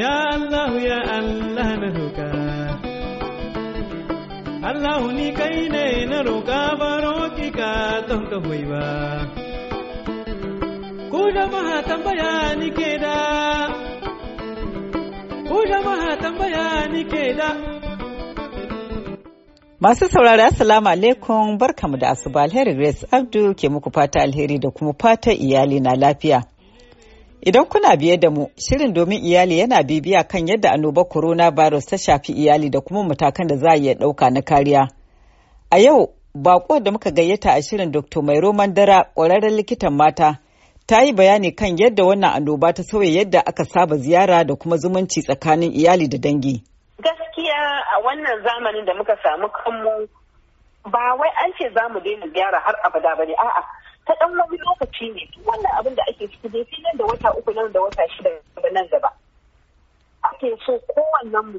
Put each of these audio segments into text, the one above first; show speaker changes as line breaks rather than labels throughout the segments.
Ya Allah ya Allah na roka Allah ni kai ne na roka baro ki ka don ka hoyi ba Ku maha tambaya ni ke da Ku maha tambaya ni ke da Masu saurari Assalamu alaikum barkamu da asuba alheri Grace Abdu ke muku fata alheri da kuma fata iyali na lafiya. Idan kuna biye da mu, shirin domin iyali yana bibiya kan yadda annobar coronavirus ta shafi iyali da kuma matakan da za a iya ɗauka na kariya. A yau, bako da muka gayyata a shirin Dr. Mai Roman Dara, ƙwararren likitan mata, ta yi bayani kan yadda wannan annoba ta sauya yadda aka saba ziyara da kuma zumunci tsakanin iyali da dangi.
Gaskiya a wannan zamanin da muka samu kanmu ba wai an ce za mu daina ziyara har abada ba ne, a'a ta ɗan wani lokaci ne wannan abin da ake ciki dai sai nan da wata uku nan da wata shida nan gaba ake so kowannen mu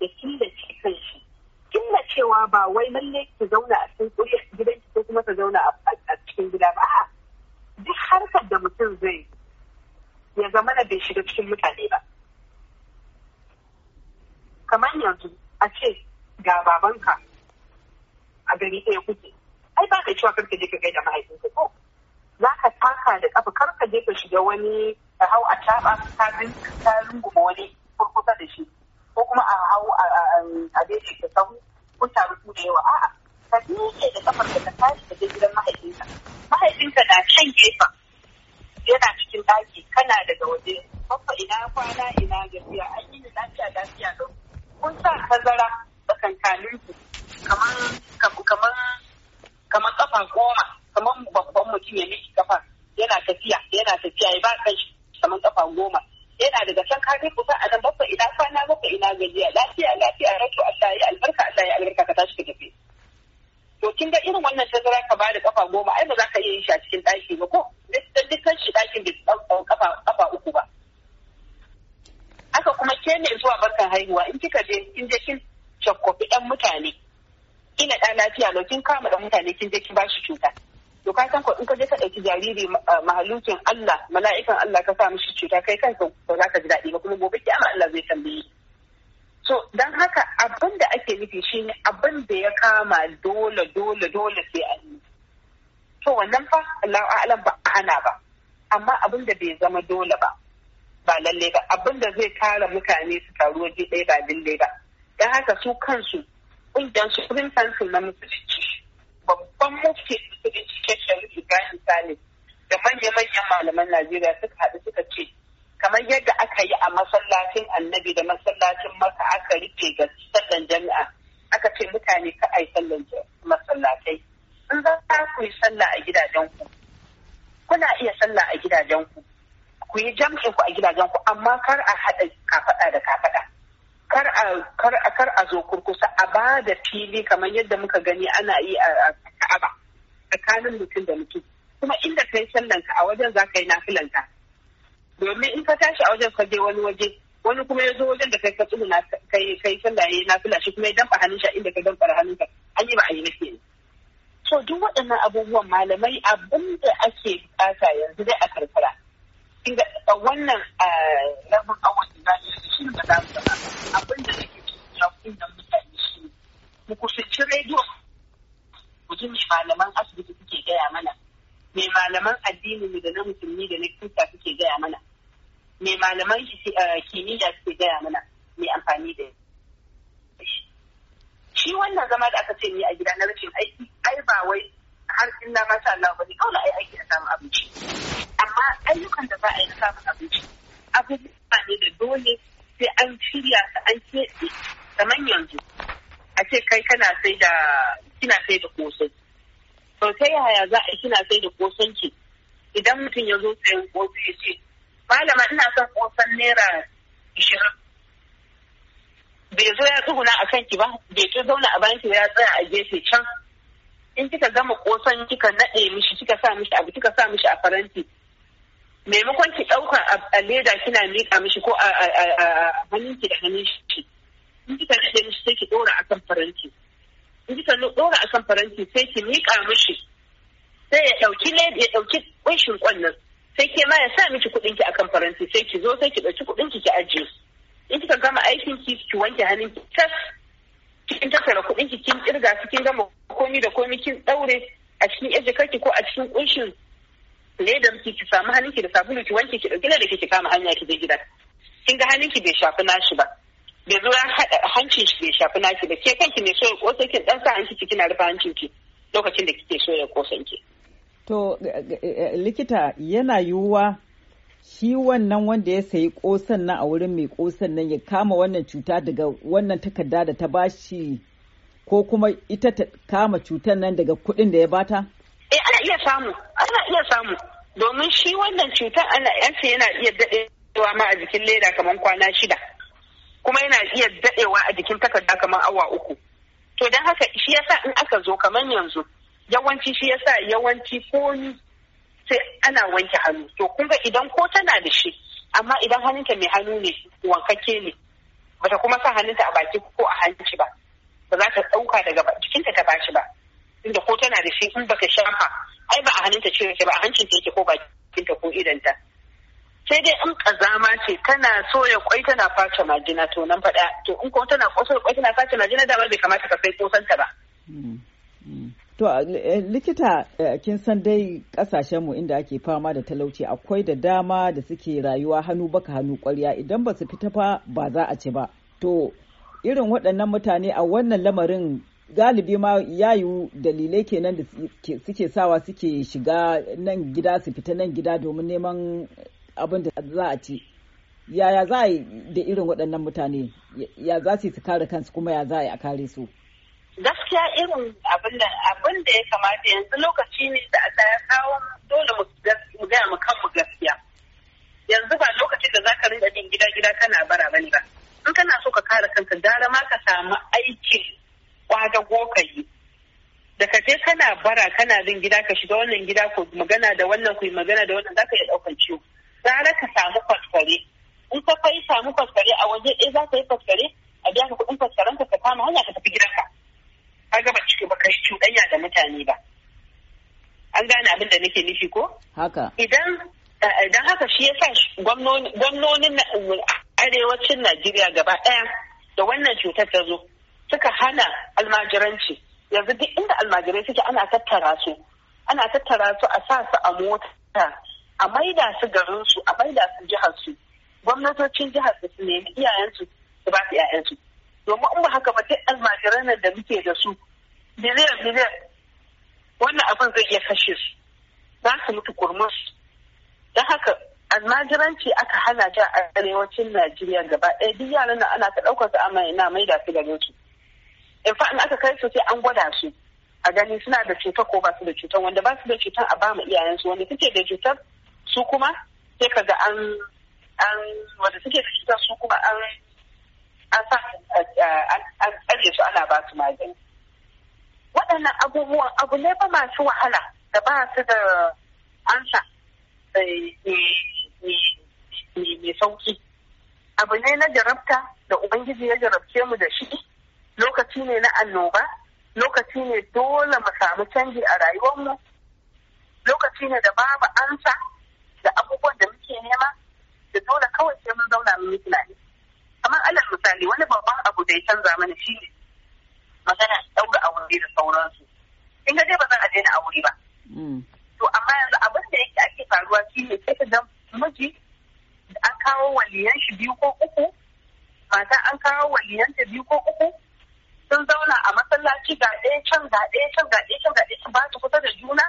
ya killace kan shi killacewa ba wai lalle ki zauna a cikin kuriyar gidan ki ko kuma ka zauna a cikin gida ba a'a duk harkar da mutum zai ya zama na bai shiga cikin mutane ba kamar yanzu a ce ga babanka a gari ɗaya kuke ai ba ka cewa karka je ka gaida mahaifinka ko za ka taka da kafa kar ka je ka shiga wani a hau a taba ka ka rungume wani kurkusa da shi ko kuma a hau a daidai ka ko ta da yawa a'a ka miƙe da kafar ka ta tashi ka je gidan mahaifinka mahaifinka na can gefen yana cikin ɗaki kana daga waje babba ina kwana ina gajiya an yi lafiya lafiya don. kun sa tazara tsakankanin ku kamar kamar kamar kafa goma kamar babban mutum ya miki kafa yana tafiya yana tafiya ya ba kan shi kamar kafa goma yana daga can ka ku ba a nan bakwai ina kwana bakwai ina gajiya lafiya lafiya rato Allah ya albarka Allah ya albarka ka tashi ka tafi to kin ga irin wannan tazara ka ba da kafa goma ai ba za ka iya yin shi a cikin ɗaki ba ko dan dukkan shi ɗakin da kafa kafa uku ba haka kuma ke ne zuwa barkan haihuwa in kika je kin je kin cakkofi ɗan mutane ina ɗan lafiya lau kin kama da mutane kin je kin ba shi cuta to ka san ko in ka je ka ɗauki jariri eh, mahalukin Allah mala'ikan Allah ka sa mishi cuta kai kanka ba za ka ji daɗi ba kuma gobe amma Allah zai tambaye so dan haka abin da ake nufi shine abin da ya kama dole dole dole sai a yi to wannan fa Allah a'lam ba ana ba amma abin da bai zama dole ba ba lalle ba abin da zai kare mutane su taru waje ɗaya ba lalle ba dan haka su kansu ƙungiyar san su na musulunci babban mufti musulunci cikin sharif ibrahim salim da manya-manyan malaman najeriya suka haɗu suka ce kamar yadda aka yi a masallacin annabi da masallacin maka aka rike ga sallan jami'a aka ce mutane ka a yi sallan masallatai in za ku yi sallah a gidajen ku, kuna iya sallah a gidajen ku yi jam'in ku a gidajen ku, amma kar a haɗa kafaɗa da kafaɗa kar a zo kurkusa a ba da fili kamar yadda muka gani ana yi a ka'aba tsakanin mutum da mutum kuma inda kai sallanka a wajen za ka yi nafilanka domin in ka tashi a wajen ka je wani waje wani kuma ya zo wajen da kai ka na kai kai sallah yayi nafila shi kuma ya damba hannun shi inda ka damba hannun ka an yi ba a yi nafi to duk waɗannan abubuwan malamai abin da ake bukata yanzu dai a karkara inda eh, wannan rabin eh, awon da za yi shi da za su abin da nake cikin da mutane shi mu kusanci rediyo mu ji malaman asibiti suke gaya mana mai malaman addini da na musulmi da na kirista suke gaya mana mai malaman eh, kimiyya suke gaya mana mai amfani da shi wannan zama da aka ce ni a gida na rashin aiki sai da kosai to ta yaya za a kina sai da kosan ki idan mutum ya zo sayan kofi ya ce malama ina son kosan naira ishirin bai zo ya tsuguna a kanki ba bai zo zauna a banki ya tsaya a gefe can in kika gama kosan kika naɗe mishi kika sa mishi abu kika sa mishi a faranti maimakon ki ɗauka a leda kina miƙa mishi ko a hannunki da hannun shi in kika naɗe mishi sai ki ɗora akan faranti ki ta dora a kan faranti sai ki miƙa mishi sai ya ɗauki ya ɗauki ƙunshin ƙwannan sai ke ma ya sa miki kuɗin ki akan faranti sai ki zo sai ki ɗauki kuɗin ki ki ajiye in kika gama aikin ki ki wanke hannun ki tas kin tattara kuɗin ki kin kirga su kin gama komi da komi kin ɗaure a cikin ejikar ki ko a cikin ƙunshin ledar ki ki samu hannun ki da sabulu ki wanke ki ɗauki da ki kama hanya ki je gida kin ga hannun ki bai shafi nashi ba da zo hancin shi zai shafi naki ba ke kanki mai soya kosa ki dan sa hanci kina rufe hancin ki lokacin da kike soya kosa ki
to likita yana yiwuwa shi wannan wanda ya sayi kosan nan a wurin mai kosan nan ya kama wannan cuta daga wannan takarda da ta bashi ko kuma ita ta kama cutar nan daga kuɗin da ya bata? Eh ana iya samu, ana
iya samu. Domin shi wannan cutar ana yansa yana iya dadewa ma a jikin leda kamar kwana shida. kuma yana iya daɗewa a jikin takarda kamar awa uku to don haka shi yasa in aka zo kamar yanzu yawanci shi yasa yawanci ko sai ana wanke hannu to kun ga idan ko tana da shi amma idan hannunta mai hannu ne wankake ne bata kuma sa hannunta a baki ko a hanci ba ba za ta ɗauka daga jikinta ta bashi ba inda ko tana da shi in baka shafa ai ba a hannunta ce ba a hancinta yake ko bakinta ko idanta sai dai in kazama ce tana soya kwai tana face majina to nan faɗa to in kuma tana soya kwai tana face majina damar bai kamata ka sai kosanta ba. Mm,
mm. To eh, likita eh, kin san dai kasashenmu inda ake fama da talauci akwai da dama da suke rayuwa hannu baka hannu kwarya idan ba su fita fa ba za a ci ba. To irin waɗannan mutane a wannan lamarin galibi ma ya yi dalilai kenan da suke sawa suke shiga nan gida su fita nan gida domin neman abin da za a ci yaya za a yi da irin waɗannan mutane ya za su kare kansu kuma ya za a yi a kare su gaskiya irin abin da abin da ya kamata yanzu lokaci ne da Allah ya kawo
dole mu gaya mu kanmu gaskiya yanzu ba lokacin da zaka rinka bin gida gida kana bara bane ba in kana so ka kare kanka gara ma ka samu aikin kwada gokayi da ka je kana bara kana bin gida ka shiga wannan gida ko magana da wannan ku magana da wannan zaka iya daukan ciwo zara ka samu kwaskwari in ka kai samu kwaskwari a waje ɗaya za ka yi kwaskwari a biya ka kuɗin kwaskwaren ka ka kama hanya ka tafi gidanka ka ga gaba ciki ba kai cuɗanya da mutane ba an gane abin da nake nufi ko haka idan idan haka shi yasa gwamnonin um, arewacin Najeriya gaba ɗaya da wannan cutar ta zo suka hana almajiranci yanzu duk inda almajirai suke ana tattara su ana tattara su a sa su a mota a maida su garin su a maida su jihar su gwamnatocin jihar su ne, nemi iyayen su ba su iyayen su domin in ba haka ba sai almajiran nan da muke da su miliyan miliyan wannan abin zai iya kashe su za su mutu kurmus don haka almajiranci aka hana ta a arewacin Najeriya gaba ɗaya duk yaran nan ana ta ɗaukar su amma ina maida su garin su in fa in aka kai su sai an gwada su a gani suna da cutar ko ba su da cutar wanda ba su da cutar a ba mu iyayensu wanda suke da cutar su kuma sai ka ga an wanda suke da cutar su kuma an su ana ba su magani waɗannan abubuwan abu ne ba masu wahala da ba su da ansa eh, mai sauki abu ne na jarabta da ubangiji ya jarabce mu da shi lokaci ne na annoba lokaci ne dole mu samu canji a rayuwar mu. lokaci ne da babu ansa abubuwan da muke nema da dole kawai sai mun zauna mun yi tunani kamar alal misali wani babban abu da ya canza mana shi ne magana ɗaura aure da sauransu in ga dai ba zan a daina aure ba mm. to amma yanzu abin da yake ake faruwa shi ne sai ka dan miji an kawo waliyan shi biyu ko uku mata an kawo waliyan ta biyu ko uku sun zauna a masallaci ga ɗaya can ga ɗaya can ga ɗaya can ga ɗaya can ba su kusa da juna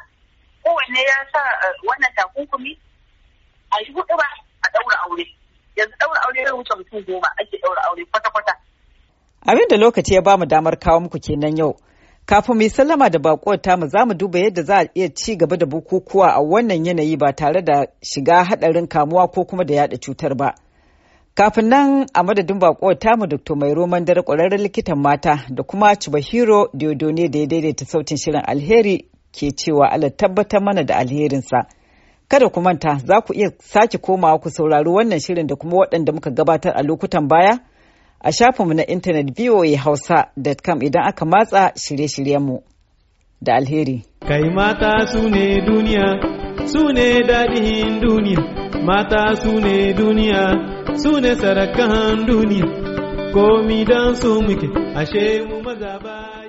kowanne ya sa eh, wannan takunkumi a yi
Abin da lokaci ya bamu damar kawo muku kenan yau. Kafin mai sallama da bakuwar mu, za mu duba yadda za a iya ci gaba da bukukuwa a wannan yanayi ba tare da shiga haɗarin kamuwa ko kuma da yada cutar ba. Kafin nan a madadin bakuwar tamu Dr. Mai Roman Dare ƙwararren likitan mata da kuma Chubahiro Diodone da ya daidaita sautin shirin alheri ke cewa Ala tabbatar mana da alherinsa. Kada ku manta za ku iya sake komawa ku sauraro wannan shirin da kuma waɗanda muka gabatar a lokutan baya a shafinmu na intanet hausa.com idan aka matsa shirye-shiryenmu da alheri. Kai mata su ne duniya, su ne daɗin duniya, mata su ne duniya, su ne sarakan duniya, komi don su muke, ashe mu maza baya.